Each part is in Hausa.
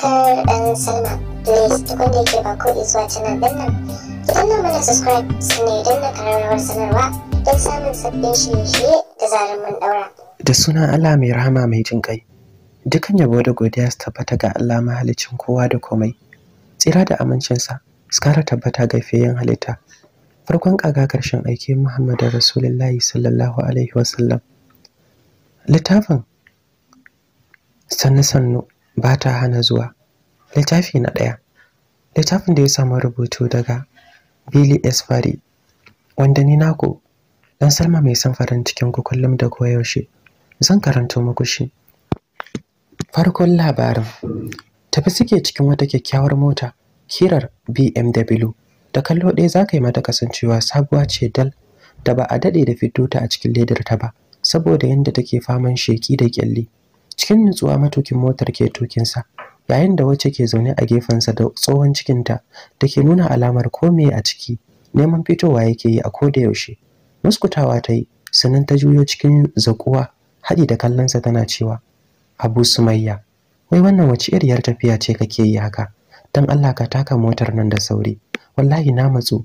subscribe and sign up. Please tukun da yake ba ko zuwa canal din nan. Ki danna mana subscribe sannan idan na kararrawar sanarwa don samun sabbin shirye-shirye da zarar mun daura. Da sunan Allah mai rahama mai jin kai. Dukan yabo da godiya su tabbata ga Allah mahalicin kowa da komai. Tsira da amincinsa, su kara tabbata ga fiyen halitta. Farkon kaga karshen aiki Muhammadu Rasulullahi sallallahu alaihi wasallam. Littafin sannu sannu ba ta hana zuwa littafi na ɗaya littafin da ya samu rubutu daga billy s fari wanda ni naku dan salma mai son farin cikin ku kullum da koyaushe zan karanto muku shi farkon labarin tafi suke cikin wata kyakkyawar mota kirar bmw da kallo ɗaya za ka yi mata kasancewa sabuwa ce dal da ba a daɗe da fito ta a cikin ledar ta ba saboda yadda take faman sheki da kyalli cikin nutsuwa matukin motar ke tukinsa yayin da wacce ke zaune a gefensa da tsohon cikinta da ke nuna alamar kome a ciki neman fitowa yake yi a koda yaushe muskutawa ta yi sannan ta juyo cikin zakuwa haɗi da kallonsa tana cewa abu sumayya wai wannan wace iriyar tafiya ce kake yi haka don allah ka taka motar nan da sauri wallahi na matsu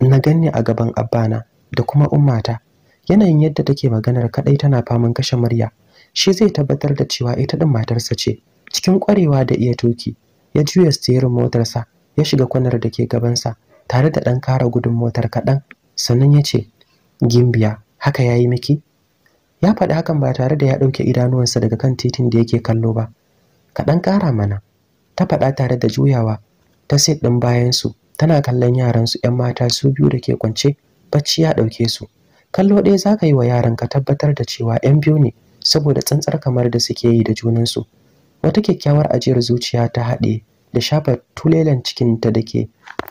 na ganni a gaban abbana da kuma ummata yanayin yadda take maganar kadai tana faman kashe murya shi zai tabbatar da cewa ita din matarsa ce cikin kwarewa da iya tuki ya juya steering motarsa ya shiga kwanar da ke gabansa tare da ɗan kara gudun motar kaɗan sannan ya ce gimbiya haka yayi miki ya faɗi hakan ba tare da ya ɗauke idanuwansa daga kan titin da yake kallo ba kaɗan ƙara mana ta faɗa tare da juyawa ta sit ɗin bayansu tana kallon yaransu 'yan mata su biyu da ke kwance bacci ya ɗauke su kallo ɗaya za ka yi wa yaranka tabbatar da cewa 'yan biyu ne saboda tsantsar kamar da suke yi da junansu wata kyakkyawar ajiyar zuciya ta haɗe da shafa tulelan cikinta da ke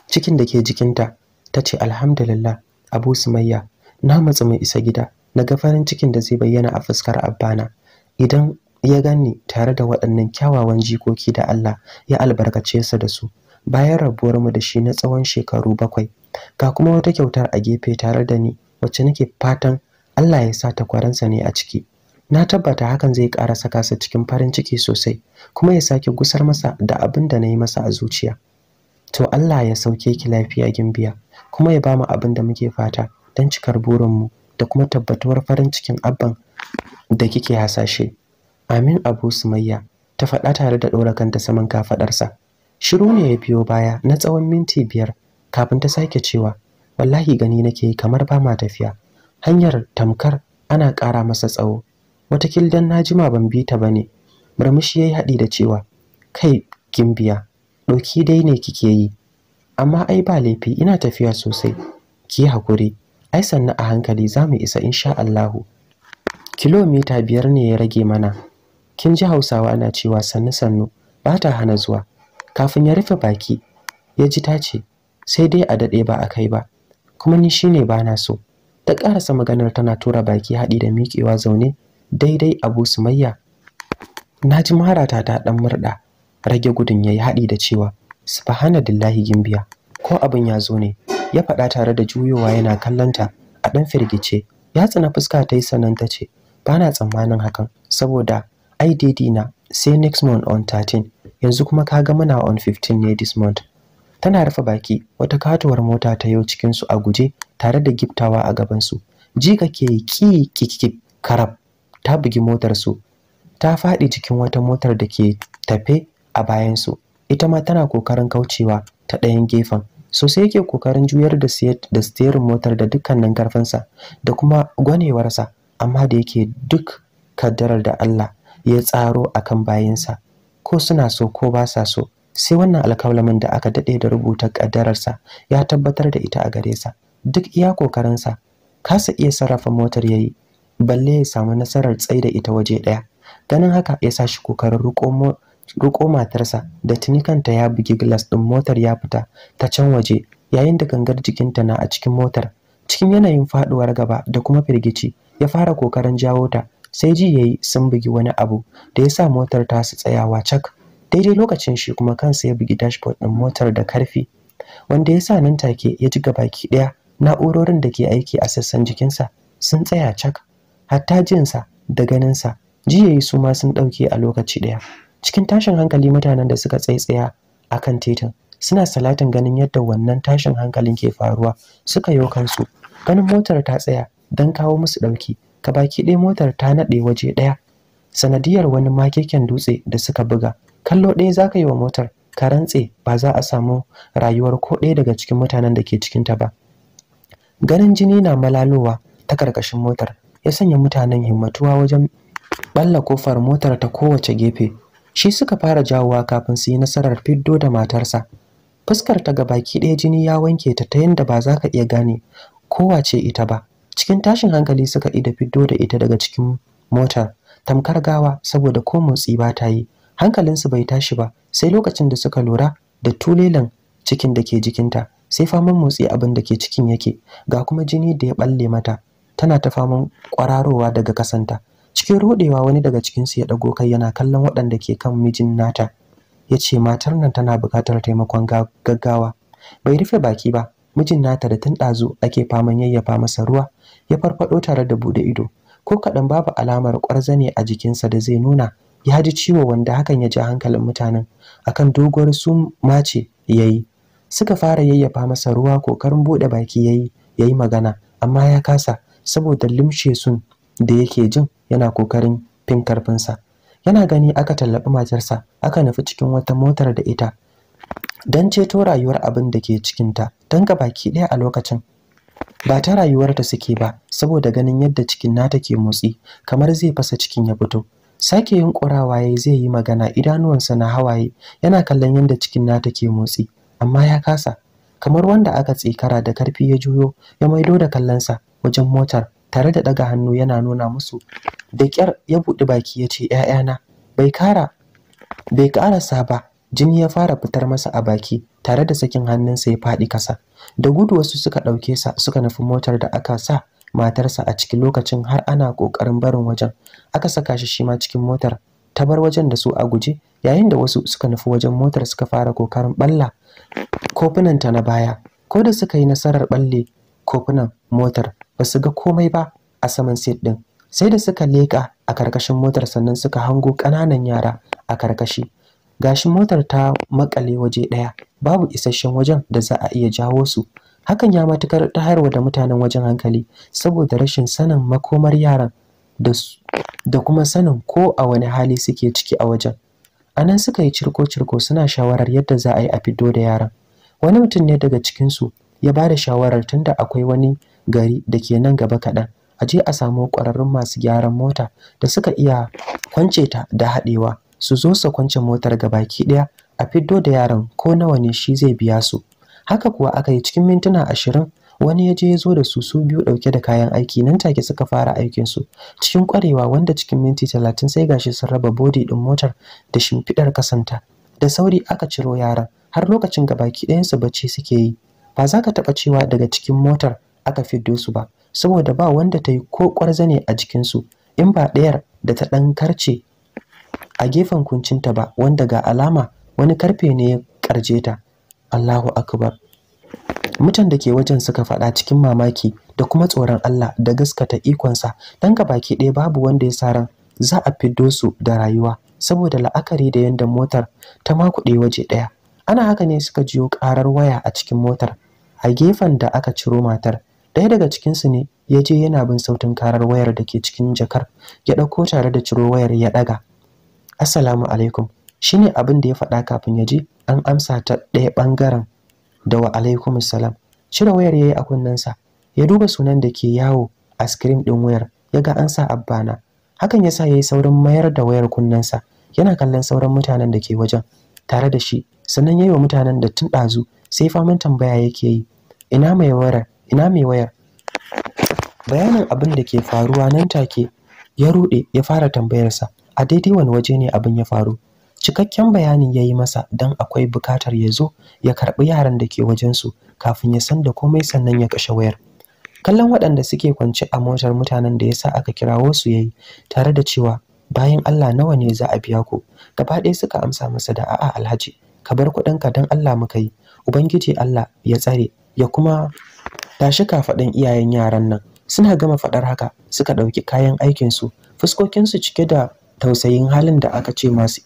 cikin da ke jikinta ta ce alhamdulillah abu sumayya na matsa mai isa gida na ga farin cikin da zai bayyana a fuskar abbana idan ya gani tare da waɗannan kyawawan jikoki da Allah ya albarkace sa da su bayan rabuwar mu da shi na tsawon shekaru bakwai ga kuma wata kyautar a gefe tare da ni wacce nake fatan Allah ya sa takwaransa ne a ciki na tabbata hakan zai ƙara saka sa cikin farin ciki sosai kuma ya sake gusar masa da abin da na yi masa a zuciya to Allah ya sauke ki lafiya gimbiya kuma ya bamu abin da muke fata don cikar burinmu da kuma tabbatuwar farin cikin abban da kike hasashe amin abu sumayya ta faɗa tare da ɗora kanta saman kafaɗarsa shiru ne ya biyo baya na tsawon minti biyar kafin ta sake cewa wallahi gani nake kamar ba ma tafiya hanyar tamkar ana ƙara masa tsawo wata dan na jima ban bi ta bane murmushi yayi haɗi da cewa kai gimbiya ɗauki dai ne kike yi amma ai ba laifi ina tafiya sosai ki hakuri ai sannan a hankali za mu isa insha Allahu kilomita biyar ne ya rage mana kin ji hausawa na cewa sannu sannu ba ta hana zuwa kafin ya rufe baki ya ji ta ce sai dai a dade ba a kai ba kuma ni shine ba na so ta ƙarasa maganar tana tura baki haɗi da miƙewa zaune daidai abu sumayya na ji marata ta dan murda rage gudun yayi haɗi da cewa subhanallahi gimbiya ko abin ya zo ne ya faɗa tare da juyowa yana kallonta. a ɗan firgice ya tsana fuska ta yi sanan ta ce ba na tsammanin hakan saboda idd na sai next month on 13 yanzu kuma ka ga muna on 15 ne this month tana rufe baki wata katuwar mota ta yau cikinsu a guje tare da giftawa a gabansu ji kake ki kikikik karab ta bugi motarsu ta faɗi cikin wata motar da ke tafe a bayansu ita ma tana kokarin kaucewa ta ɗayan gefen sosai yake kokarin juyar da da steering motar da dukkanin karfinsa da kuma gwanewarsa amma da yake duk kaddarar da Allah ya tsaro akan bayinsa ko suna so ko ba sa so sai wannan alkawalamin da aka dade da rubuta ƙaddararsa ya tabbatar da ita a gare sa duk iya kokarinsa kasa iya sarrafa motar yayi balle ya samu nasarar tsaida ita waje ɗaya ganin haka ya sa shi kokarin riko matarsa da tuni kanta ya bugi glass ɗin motar ya fita ta can waje yayin da gangar jikinta na a cikin motar cikin yanayin faɗuwar gaba da kuma firgici ya fara kokarin jawo ta sai ji yayi sun bugi wani abu da ya sa motar ta su tsayawa cak daidai lokacin shi kuma kansa ya bugi dashboard ɗin motar da karfi wanda ya sa nan take ya ji gabaki ɗaya na'urorin da ke aiki a sassan jikinsa sun tsaya cak hatta jinsa da ganinsa jiyayi su ma sun ɗauke a lokaci ɗaya cikin tashin hankali mutanen da suka tsaitsaya a kan titin suna salatin ganin yadda wannan tashin hankalin ke faruwa suka yo kansu ganin motar ta tsaya don kawo musu ɗauki ka baki ɗaya motar ta naɗe waje ɗaya sanadiyar wani makeken dutse da suka buga kallo ɗaya za ka yi wa motar ka rantse ba za a samu rayuwar ko ɗaya daga cikin mutanen da ke cikinta ba ganin jini na malalowa ta karkashin motar ya sanya mutanen himmatuwa wajen balla kofar motar ta kowace gefe shi suka fara jawowa kafin su yi nasarar fiddo da matarsa fuskar ta baki ɗaya jini ya wanke ta ta yadda ba za ka iya gane kowace ita ba cikin tashin hankali suka ida fiddo da ita daga cikin motar tamkar gawa saboda ko motsi ba ta yi hankalinsu bai tashi ba sai lokacin da suka lura da tulelan cikin da ke jikinta sai faman motsi abin da ke cikin yake ga kuma jini da ya balle mata tana ta faman kwararowa daga kasanta cikin rodewa wani daga cikinsu ya ɗago kai yana kallon waɗanda ke kan mijin nata ya ce matar nan tana buƙatar taimakon gaggawa bai rufe baki ba mijin nata da tun ɗazu ake faman yayyafa masa ruwa ya farfaɗo tare da buɗe ido ko kaɗan babu alamar ƙwarzane a jikinsa da zai nuna ya ji ciwo wanda hakan ya ja hankalin mutanen akan doguwar su mace ya yi suka fara yayyafa masa ruwa kokarin buɗe baki ya yi ya yi magana amma ya kasa saboda limshe sun da yake jin yana kokarin fin karfinsa yana gani aka tallafi matarsa aka nufi cikin wata motar da ita don ceto rayuwar abin da ke cikinta don baki ɗaya a lokacin ba ta rayuwarta suke ba saboda ganin yadda cikin nata ke motsi kamar zai fasa cikin ya fito sake yin ƙurawaye zai yi magana idanuwansa na hawaye yana kallon yadda cikin nata ke motsi amma ya kasa kamar wanda aka tsikara da karfi ya juyo ya maido da kallonsa wajen motar tare da daga hannu yana nuna musu da ƙyar ya buɗe baki ya ce ‘ya'yana bai ƙara sa ba jini ya fara fitar masa a baki tare da sakin hannunsa ya faɗi kasa da gudu wasu suka ɗauke sa suka nufi motar da aka sa matarsa a cikin lokacin har ana ƙoƙarin barin wajen aka saka shi shi ma cikin motar ta bar wajen da su a guje yayin da wasu suka nufi wajen motar suka fara ƙoƙarin ɓalla. kofunanta na baya ko da suka yi nasarar balle kofunan motar ba su ga komai ba a saman seat din sai da suka leka a karkashin motar sannan suka hango ƙananan yara a karkashi gashi motar ta makale waje ɗaya babu isasshen wajen da za a iya jawo su hakan ya matukar harwa da mutanen wajen hankali saboda rashin sanin makomar yaran da kuma sanin ko a wani hali suke ciki a wajen a suka yi cirko-cirko suna shawarar yadda za a yi a fiddo da yaran wani mutum ne daga cikinsu ya ba da shawarar tunda akwai wani gari da ke nan gaba kaɗan a je a samu ƙwararrun masu gyaran mota da suka iya kwance ta da haɗewa su zo su kwance motar gabaki ɗaya a fiddo da yaran ko nawa ne shi zai biya su haka kuwa aka yi cikin mintuna ashirin wani ya je ya zo da su su biyu dauke da kayan aiki nan take suka fara aikinsu cikin kwarewa wanda cikin minti talatin sai gashi sun raba bodi din motar da shimfidar kasanta da sauri aka ciro yaran har lokacin gabaki ɗayansu bacci suke yi ba za ka taɓa cewa daga cikin motar aka fiddo su ba saboda ba wanda ta yi ko kwarzane a jikin su in ba ɗayar da ta ɗan karce a gefen kuncinta ba wanda ga alama wani karfe ne ya karje ta Allahu akbar mutan da ke wajen suka faɗa cikin mamaki da kuma tsoron Allah da gaskata ikonsa don baki ɗaya babu wanda ya sa ran za a fiddo su da rayuwa saboda la'akari da yadda motar ta makuɗe waje ɗaya ana haka ne suka jiyo ƙarar waya a cikin motar a gefen da aka ciro matar ɗaya daga cikinsu ne ya je yana bin sautin karar wayar da ke cikin jakar ya ɗauko tare da ciro wayar ya ɗaga assalamu alaikum shine abin da ya faɗa kafin ya je an amsa ta ɗaya ɓangaren da wa alaikum salam cire wayar yayi a kunnensa ya duba sunan da ke yawo a screen din wayar ya ga an sa abbana hakan yasa yayi saurin mayar da wayar kunnensa yana kallon sauran mutanen da ke wajen tare da shi sannan yayi wa mutanen da tun ɗazu sai faman tambaya yake yi ina mai wayar ina mai wayar bayanin abin da ke faruwa nan take ya ruɗe ya fara tambayarsa a daidai wani waje ne abin ya faru cikakken bayanin ya yi masa don akwai bukatar ya zo ya karɓi yaran da ke wajensu kafin ya san da komai sannan ya kashe wayar kallon waɗanda suke kwance a motar mutanen da ya sa aka kirawo su ya yi tare da cewa bayan allah nawa ne za a biya ku gaba ɗaya suka amsa masa da a'a alhaji ka bar kuɗinka don allah muka yi ubangiji allah ya tsare ya kuma tashi kafaɗin iyayen yaran nan suna gama faɗar haka suka ɗauki kayan aikinsu fuskokinsu cike da tausayin halin da aka ce masu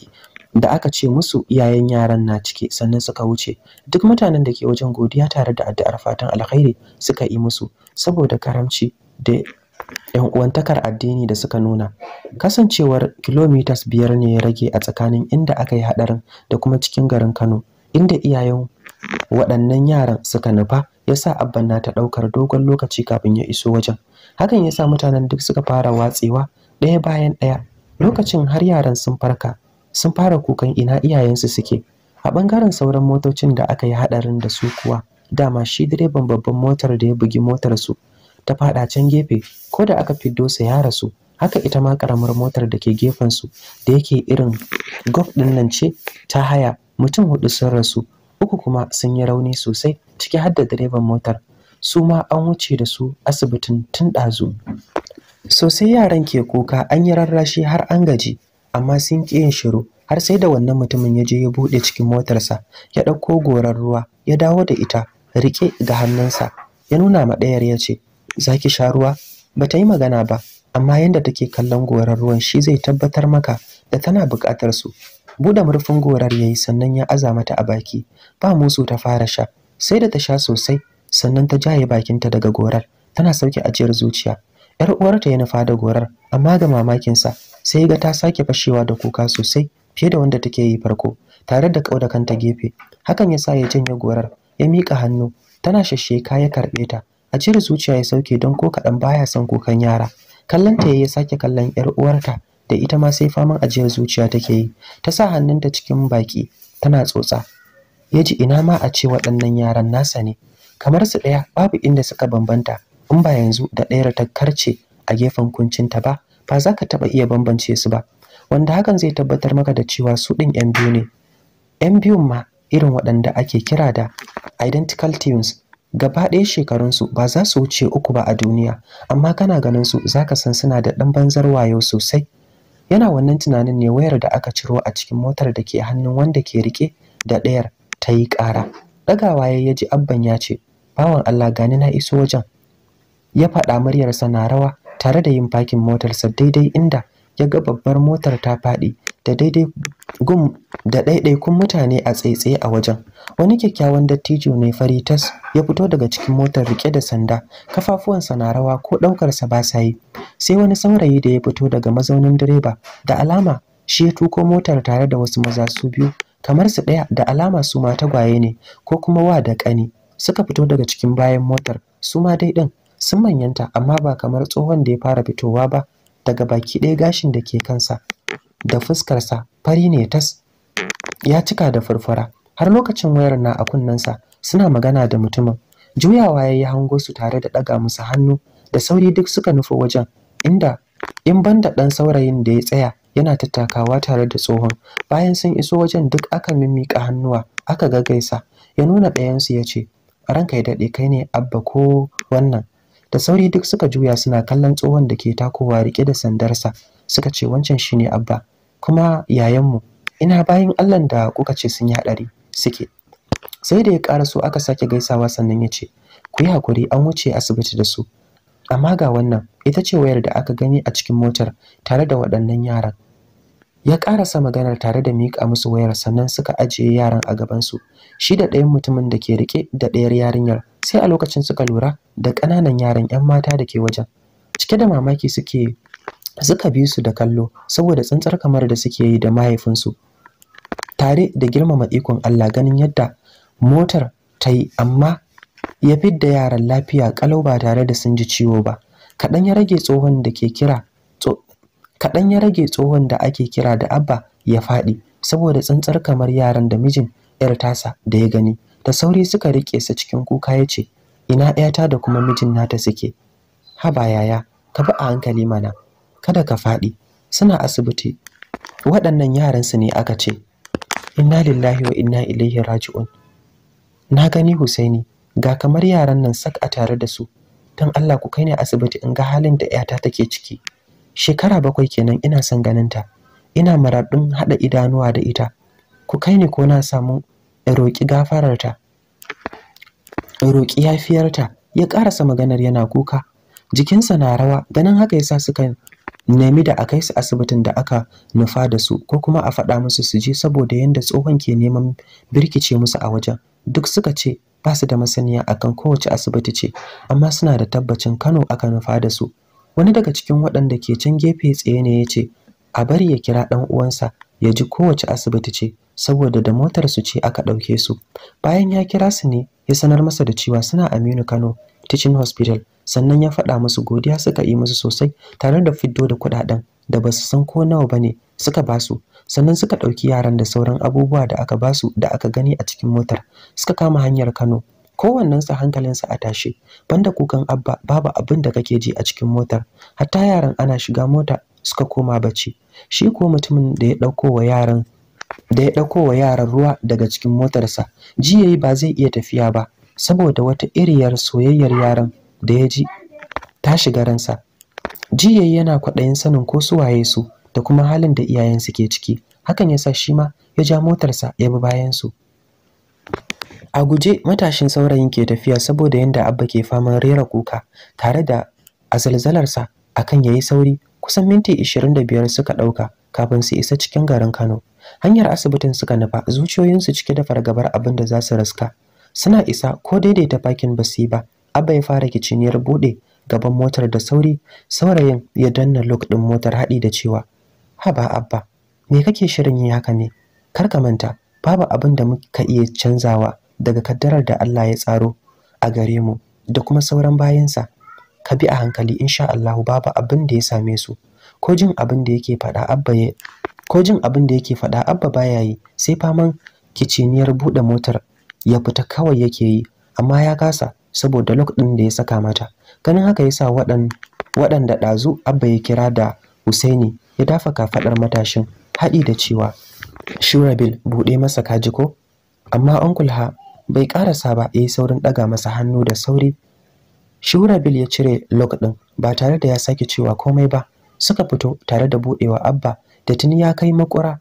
da aka ce musu iyayen yaran na cike sannan suka wuce duk mutanen da ke wajen godiya tare da addu'ar fatan alkhairi suka yi musu saboda karamci da yan uwantakar addini da suka nuna kasancewar kilomitas biyar ne ya rage a tsakanin inda aka yi haɗarin da kuma cikin garin kano inda iyayen waɗannan yaran suka nufa ya sa abban na ta ɗaukar dogon lokaci kafin ya iso wajen hakan ya sa mutanen duk suka fara watsewa ɗaya bayan ɗaya lokacin har yaran sun farka sun fara kukan ina iyayensu suke a bangaren sauran motocin da aka yi haɗarin da su kuwa dama shi direban babban motar da ya bugi motar su ta faɗa can gefe ko da aka fiddo su ya rasu haka ita ma karamar motar da ke gefen su da yake irin gof ɗinnan nan ce ta haya mutum hudu sun rasu uku kuma sun yi rauni sosai ciki har da direban motar su ma an wuce da su asibitin tun ɗazu sosai yaran ke kuka an yi rarrashi har an gaji amma sun ƙi yin shiru har sai da wannan mutumin ya je ya buɗe cikin motarsa ya ɗauko gorar ruwa ya dawo da ita riƙe ga hannunsa ya nuna ma ɗayar ya ce za ki sha ruwa ba ta yi magana ba amma yadda take kallon gorar ruwan shi zai tabbatar maka da tana buƙatar su buɗe murfin gorar ya yi sannan ya aza mata a baki ba musu ta fara sha sai da ta sha sosai sannan ta jaye bakinta daga gorar tana sauke ajiyar zuciya yar uwarta ya nufa da gorar amma ga mamakinsa sai ga ta sake fashewa da kuka sosai fiye da wanda take yi farko tare da kauda kanta gefe hakan ya sa ya janye gorar ya mika hannu tana shashsheka ya karɓe ta a cire zuciya ya sauke don ko kaɗan baya son kukan yara kallon ta ya sake kallon yar uwarta da ita ma sai faman ajiyar zuciya take yi ta sa hannunta cikin baki tana tsotsa ya ji ina ma a ce waɗannan yaran nasa ne kamar su ɗaya babu inda suka bambanta in ba yanzu da ɗayar ta karce a gefen kuncinta ba ba za ka taɓa iya bambance su ba wanda hakan zai tabbatar maka da cewa su ɗin 'yan biyu ne 'yan biyun ma irin waɗanda ake kira da identical twins gaba ɗaya shekarunsu ba za su wuce uku ba a duniya amma kana ganin su za ka san suna da ɗan banzar wayo sosai yana wannan tunanin ne wayar da aka ciro a cikin motar da ke hannun wanda ke riƙe da ɗayar ta yi ƙara ɗagawa ya yaji abban ya ce bawan allah gani na iso wajen ya faɗa muryarsa na rawa tare da yin fakin motarsa daidai inda ya ga babbar motar ta faɗi da daidai gum da ɗaiɗaikun mutane a tsaitsaye a wajen wani kyakkyawan dattijo ne fari tas ya fito daga cikin motar rike da sanda kafafuwansa na rawa ko ɗaukarsa ba sa yi sai wani saurayi da ya fito daga mazaunin direba da alama shi ya tuko motar tare da wasu maza su biyu kamar su ɗaya da alama su ma tagwaye ne ko kuma wa da ƙani suka fito daga cikin bayan motar su ma dai ɗin sun manyanta amma ba kamar tsohon da ya fara fitowa ba daga baki ɗaya gashin da ke kansa da fuskarsa fari ne tas ya cika da furfura har lokacin wayar na a kunnensa suna magana da mutumin juyawa ya yi hango su tare da ɗaga musu hannu da sauri duk suka nufi wajen inda in banda ɗan saurayin da ya tsaya yana tattakawa tare da tsohon bayan sun iso wajen duk aka mimmiƙa hannuwa aka gaisa, ya nuna ɗayansu ya ce ranka ya daɗe kai ne abba ko wannan da sauri duk suka juya suna kallon tsohon da ke takowa rike da sandarsa suka ce wancan shine abba kuma yayanmu ina bayan allan da kuka ce sun yi haɗari suke sai da ya ƙara so aka sake gaisawa sannan ya ce ku yi hakuri an wuce asibiti da su amma ga wannan ita ce wayar da aka gani a cikin motar tare da waɗannan yaran ya ƙarasa maganar tare da mika musu wayar sannan suka ajiye yaran a gabansu shi da ɗayan mutumin da ke riƙe da ɗayar yarinyar sai a lokacin suka lura da ƙananan yaran 'yan mata da ke wajen cike da mamaki suke suka bi su da kallo saboda tsantsar kamar da suke yi da mahaifinsu tare da girmama ikon Allah ganin yadda motar ta yi amma ya fidda yaran lafiya kalau ba tare da sun ji ciwo ba kaɗan ya rage tsohon da ke kira kaɗan ya rage tsohon da ake kira da abba ya faɗi saboda tsantsar kamar yaran da mijin 'yar tasa da ya gani da sauri suka rike sa cikin kuka ya ce ina ɗayata da kuma mijin nata suke haba yaya ka bi a hankali mana kada ka faɗi suna asibiti waɗannan yaransu ne aka ce inna lillahi wa inna ilaihi raji'un na gani husaini ga kamar yaran nan sak a tare da su don allah ku kai ni asibiti in ga halin da 'yata take ciki shekara bakwai kenan ina son ganinta ina maraɗin haɗa idanuwa da ita ku kai ni ko na samu roƙi gafararta roƙi yafiyarta ya ƙarasa maganar yana kuka jikinsa na rawa ganin haka yasa suka nemi da a kai su asibitin da aka nufa da su ko kuma a faɗa musu su je saboda yadda tsohon ke neman birkice musu a wajen duk suka ce ba su da masaniya akan kowace asibiti ce amma suna da tabbacin kano aka nufa da su wani daga cikin waɗanda ke can gefe tsaye ne ya ce a bari ya kira ɗan uwansa ya ji kowace asibiti ce saboda da motar su ce aka ɗauke su bayan ya kira su ne ya sanar masa da cewa suna Aminu Kano Teaching Hospital sannan ya faɗa musu godiya suka yi musu sosai tare da fiddo da kuɗaɗen da ba su san ko nawa ba ne suka ba su. sannan suka ɗauki yaran da sauran abubuwa da aka ba su da aka gani a cikin motar suka kama hanyar Kano kowannensa hankalinsa a tashe banda kukan abba babu abin da kake ji a cikin motar hatta yaran ana shiga mota suka koma bacci shi ko mutumin da ya ɗauko wa yaran da ya ɗauko wa yaran ruwa daga cikin motarsa ji ba zai iya tafiya ba saboda wata iriyar soyayyar yaran da ya ji ta shiga ransa ji yana kwaɗayin sanin ko su waye su da kuma halin da iyayensu ke ciki hakan ya sa shi ma ya ja motarsa ya bi bayansu. a guje matashin saurayin ke tafiya saboda yadda abba ke faman rera kuka tare da a zalzalarsa akan ya yi sauri kusan minti 25 suka ɗauka kafin su isa cikin garin Kano hanyar asibitin suka nufa zuciyoyinsu cike da fargabar abin da za su raska suna isa ko daidaita fakin basi ba abba ya fara kiciniyar buɗe gaban motar da sauri saurayin ya danna lok ɗin motar haɗi da cewa haba abba me kake shirin yi haka ne kar ka manta babu abin da muka iya canzawa daga kaddarar da Allah ya tsaro a gare mu da kuma sauran bayansa ka bi a hankali insha Allah babu abin da ya same su ko jin abin da yake faɗa abba ya ko jin abin da yake faɗa abba baya yi sai faman kiciniyar buɗe motar ya fita kawai yake yi amma ya kasa saboda lok ɗin da ya saka mata ganin haka yasa sa waɗanda ɗazu abba ya kira da Husaini ya dafa kafaɗar matashin haɗi da cewa Shurabil buɗe masa kaji ko amma Uncle Ha bai karasa ba yayi saurin ɗaga masa hannu da sauri Shurabil ya cire lok ɗin ba tare da ya sake cewa komai ba suka fito tare da buɗewa Abba da tuni ya kai makura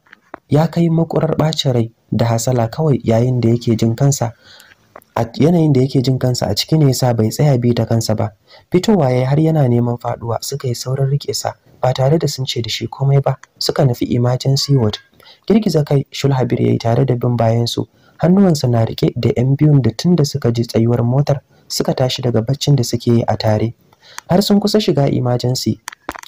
ya kai makurar ɓacin rai da hasala kawai yayin da yake jin kansa a yanayin da yake jin kansa a ciki ne yasa bai tsaya bi da kansa ba fitowa yayi har yana neman faduwa suka yi saurin rike sa ba tare da sun ce da shi komai ba suka nufi emergency ward girgiza kai shulhabir yayi tare da bin bayan su hannuwansa na rike da yan biyun da tunda suka ji tsayuwar motar suka tashi daga baccin da suke yi a tare har sun kusa shiga emergency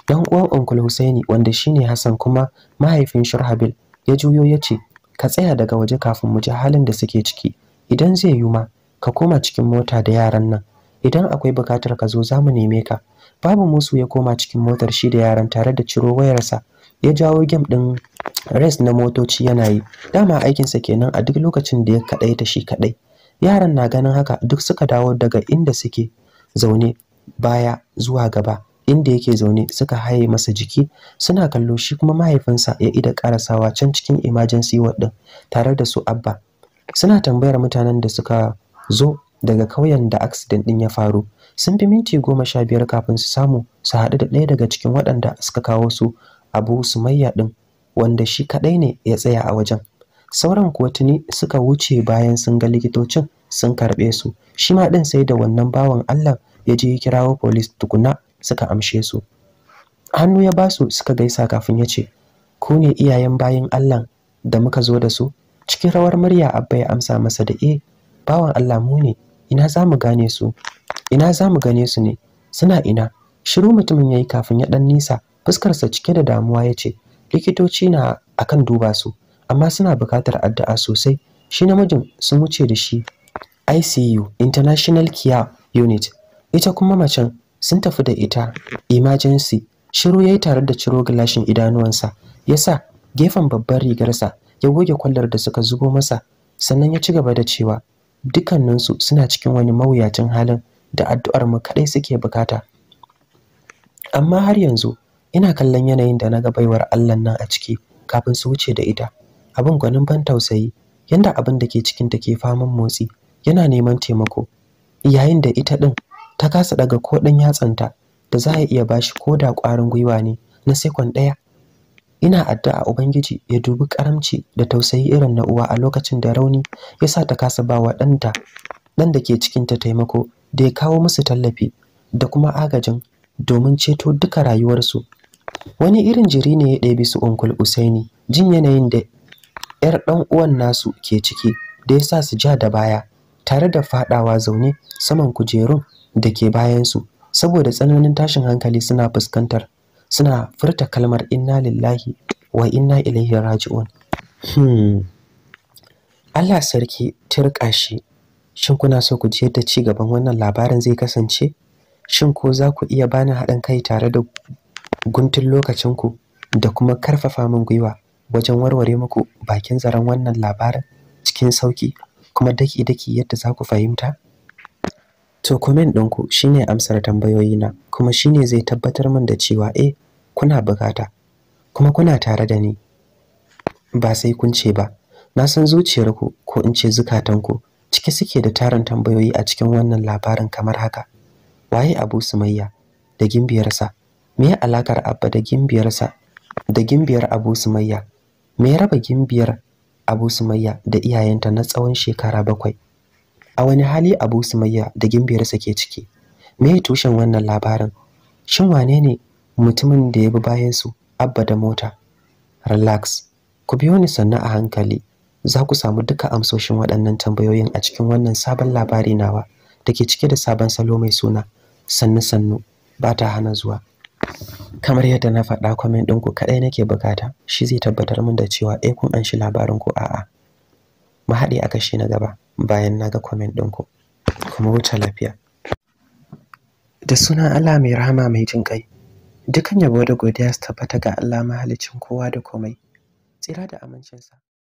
dan uwan Uncle Husaini wanda shine Hassan kuma mahaifin Shurhabil ya juyo ya ce ka tsaya daga waje kafin mu ji halin da suke ciki idan zai yuma ka koma cikin mota da yaran nan idan akwai bukatar ka zo za mu neme ka babu musu ya koma cikin motar shi da yaran tare da ciro wayarsa ya jawo game din race na motoci yana yi dama aikinsa kenan a duk lokacin da ya kaɗaita shi kaɗai yaran na ganin haka duk suka dawo daga inda suke zaune baya zuwa gaba inda yake zaune suka haye masa jiki suna kallo shi kuma mahaifinsa ya ida karasawa can cikin emergency ward din tare da su abba suna tambayar mutanen da suka zo daga kauyen da accident din ya faru sun bi minti goma sha biyar kafin su samu su haɗu da ɗaya daga cikin waɗanda suka kawo su abu sumayya ɗin wanda shi kaɗai ne ya tsaya a wajen sauran kuwa tuni suka wuce bayan sun ga likitocin sun karɓe su shi ma ɗin sai da wannan bawan allah ya je kirawo police tukuna suka amshe su hannu ya ba su suka gaisa kafin ya ce ku ne iyayen bayin Allah da muka zo da su cikin rawar murya abba ya amsa masa da e bawan Allah mu ne ina za mu gane su ina za mu gane su ne suna ina shiru mutumin yayi kafin ya dan nisa fuskarsa cike da damuwa ya ce likitoci na akan duba su amma suna buƙatar addu'a sosai shi namijin sun wuce da shi ICU International Care Unit ita kuma macen sun tafi da ita emergency shiru yayi tare da ciro gilashin idanuwansa ya sa gefen babbar rigarsa ya goge kwallar da suka zubo masa sannan ya ci gaba da cewa dukkaninsu suna cikin wani mawuyacin halin da addu'ar mu kadai suke bukata amma har yanzu ina kallon yanayin da na ga baiwar Allah nan a ciki kafin su wuce da ita abin gwanin ban tausayi yanda abin da ke cikin ta ke faman motsi yana neman taimako yayin da ita din ta kasa daga ko ɗan yatsanta da za ya iya bashi ko da ƙwarin gwiwa ne na sekon ɗaya ina addu'a ubangiji ya dubi karamci da tausayi irin na uwa a lokacin da rauni ya sa ta kasa ba wa ɗanta ɗan da ke cikin ta taimako da ya kawo musu tallafi da kuma agajin domin ceto duka rayuwarsu wani irin jiri ne ya ɗebi su onkul usaini jin yanayin da ‘yar ɗan uwan nasu ke ciki da ya sa su ja da baya tare da faɗawa zaune saman kujerun da ke bayansu saboda tsananin tashin hankali suna fuskantar suna furta kalmar inna lillahi wa inna ilaihi raji'un hmm. Allah sarki turka shi shin kuna so ku ji yadda ci gaban wannan labarin zai kasance shin ko za ku iya bani haɗin kai tare da guntun lokacinku da kuma karfafa min gwiwa wajen warware muku bakin zaren wannan labarin cikin sauki kuma daki-daki yadda za ku fahimta To comment ɗinku shine amsar tambayoyina kuma shine zai tabbatar min da cewa eh kuna bukata kuma kuna tare da ni. Ba sai kun ce ba. Na san zuciyar ku ko in ce zukatanku cike suke da tarin tambayoyi a cikin wannan labarin kamar haka. Waye Abu Sumayya da gimbiyarsa? Me ya alakar Abba da gimbiyarsa? Da gimbiyar Abu Sumayya? Me ya raba gimbiyar Abu Sumayya da iyayenta na tsawon shekara bakwai? a wani hali abu sumayya da gimbiyarsa ke ciki me tushen wannan labarin shin wane ne mutumin da ya bi bayan su abba da mota relax ku biyo ni sannu a hankali za ku samu duka amsoshin waɗannan tambayoyin a cikin wannan sabon labari nawa da ke cike da sabon salo mai suna sannu sannu ba ta hana zuwa kamar yadda na faɗa kwamen ɗinku kaɗai nake bukata shi zai tabbatar min da cewa eh kun an shi labarin ko a'a mu haɗe a kashe na gaba bayan na ga ɗin ɗinku kuma wuce lafiya da suna Allah mai rahama mai jin kai dukan yabo da godiya su tabbata ga Allah mahaliccin kowa da komai tsira da amincinsa